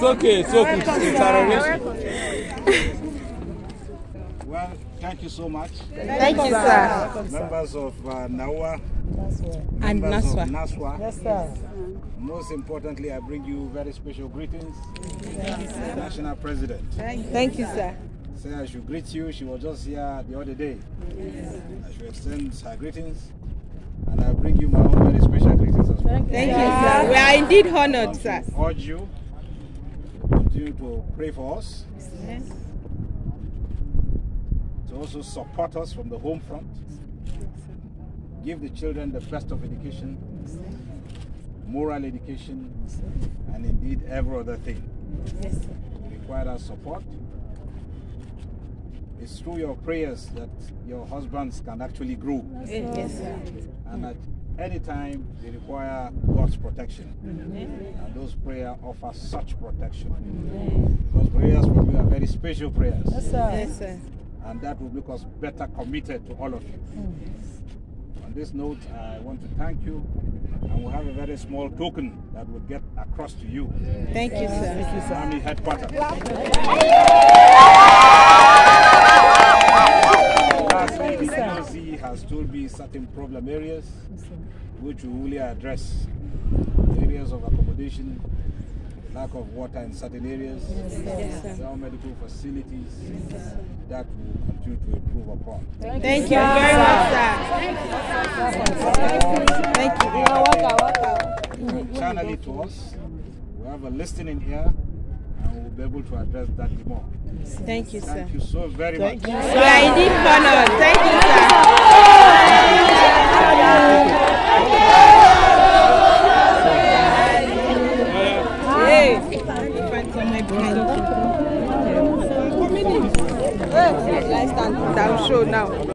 It's okay. It's okay. It's our Well, thank you so much. Thank, thank you, sir. Members of uh, NAWA and Naswa. Naswa. Yes, sir. Most importantly, I bring you very special greetings. National President. Thank you, thank you sir. Say I should greet you. She was just here the other day. Yes. I should extend her greetings. And I bring you my own very special greetings as well. Thank you, thank you sir. We are indeed honored, sir. Urge you continue to pray for us. Yes. To also support us from the home front. Give the children the best of education, moral education, and indeed every other thing. Yes. require our support it's through your prayers that your husbands can actually grow. Yes. And at any time, they require God's protection. And those prayers offer such protection. Those prayers will be very special prayers. Yes, sir. And that will make us better committed to all of you. Mm. On this note, I want to thank you. And we have a very small token that will get across to you. Thank you, sir. Thank you, sir. Army headquarters. has told me certain problem areas which we will address. Areas of accommodation, lack of water in certain areas, yes, yes medical facilities yes, that will continue to improve upon. Thank, Thank you very much, sir. Thank you. Thank you. Channel it to us. We have a listening here and we'll be able to address that more. Thank you, Thank sir. Thank you so very Thank much. You, sir. Thank you, sir. I'm sure show now.